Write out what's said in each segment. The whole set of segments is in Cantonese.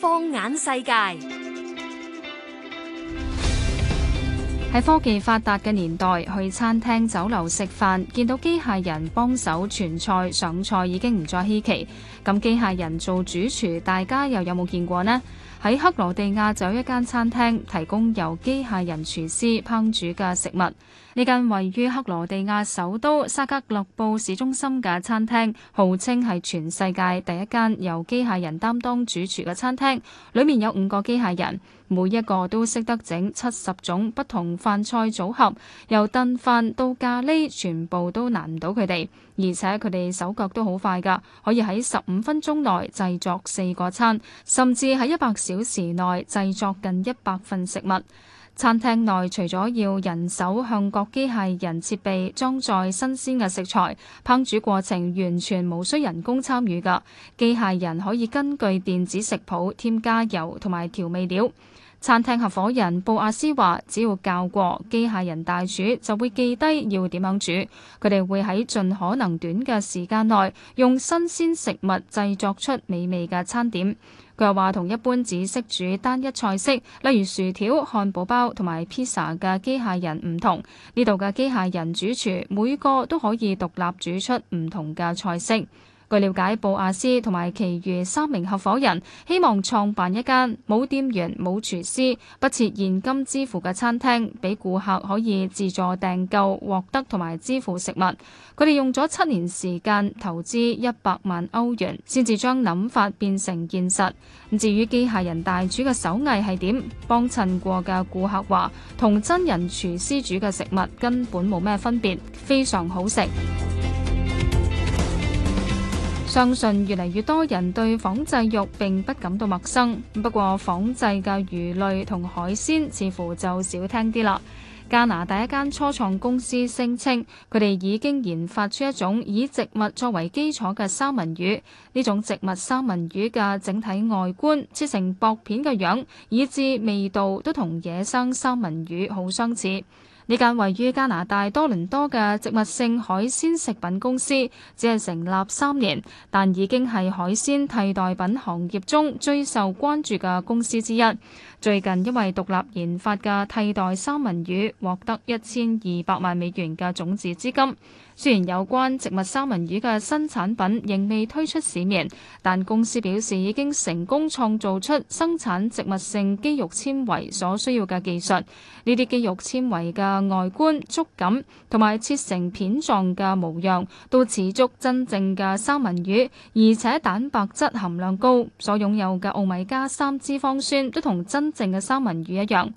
放眼世界。喺科技發達嘅年代，去餐廳酒樓食飯，見到機械人幫手傳菜上菜已經唔再稀奇。咁機械人做主廚，大家又有冇見過呢？喺克羅地亞就有一間餐廳提供由機械人廚師烹煮嘅食物。呢間位於克羅地亞首都薩格勒布市中心嘅餐廳，號稱係全世界第一間由機械人擔當主廚嘅餐廳。裡面有五個機械人。每一個都識得整七十種不同飯菜組合，由燉飯到咖喱，全部都難唔到佢哋。而且佢哋手腳都好快㗎，可以喺十五分鐘內製作四個餐，甚至喺一百小時內製作近一百份食物。餐廳內除咗要人手向各機械人設備裝載新鮮嘅食材，烹煮過程完全無需人工參與㗎。機械人可以根據電子食譜添加油同埋調味料。餐廳合夥人布亞斯話：只要教過機械人大廚，就會記低要點樣煮。佢哋會喺盡可能短嘅時間內，用新鮮食物製作出美味嘅餐點。佢又話：同一般只識煮單一菜式，例如薯條、漢堡包同埋披薩嘅機械人唔同，呢度嘅機械人主廚每個都可以獨立煮出唔同嘅菜式。據了解，布亞斯同埋其餘三名合夥人希望創辦一間冇店員、冇廚師、不設現金支付嘅餐廳，俾顧客可以自助訂購、獲得同埋支付食物。佢哋用咗七年時間，投資一百萬歐元，先至將諗法變成現實。至於機械人大廚嘅手藝係點？幫襯過嘅顧客話，同真人廚師煮嘅食物根本冇咩分別，非常好食。相信越嚟越多人對仿製肉並不感到陌生，不過仿製嘅魚類同海鮮似乎就少聽啲啦。加拿大一間初創公司聲稱佢哋已經研發出一種以植物作為基礎嘅三文魚。呢種植物三文魚嘅整體外觀、切成薄片嘅樣，以致味道都同野生三文魚好相似。呢間位於加拿大多倫多嘅植物性海鮮食品公司只係成立三年，但已經係海鮮替代品行業中最受關注嘅公司之一。最近，因為獨立研發嘅替代三文魚，獲得一千二百萬美元嘅種子資金。雖然有關植物三文魚嘅新產品仍未推出市面，但公司表示已經成功創造出生產植物性肌肉纖維所需要嘅技術。呢啲肌肉纖維嘅外觀、觸感同埋切成片狀嘅模樣，都似足真正嘅三文魚，而且蛋白質含量高，所擁有嘅奧米加三脂肪酸都同真正嘅三文魚一樣。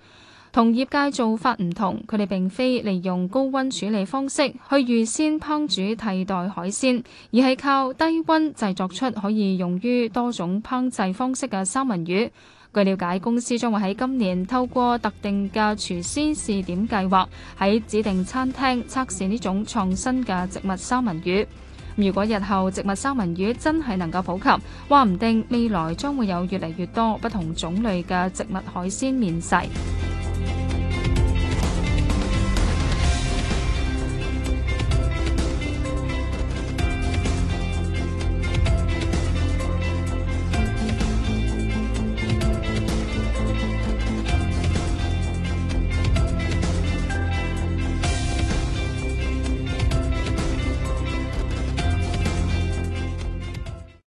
同業界做法唔同，佢哋並非利用高溫處理方式去預先烹煮替代海鮮，而係靠低溫製作出可以用於多種烹製方式嘅三文魚。據了解，公司將會喺今年透過特定嘅廚師試點計劃喺指定餐廳測試呢種創新嘅植物三文魚。如果日後植物三文魚真係能夠普及，話唔定未來將會有越嚟越多不同種類嘅植物海鮮面世。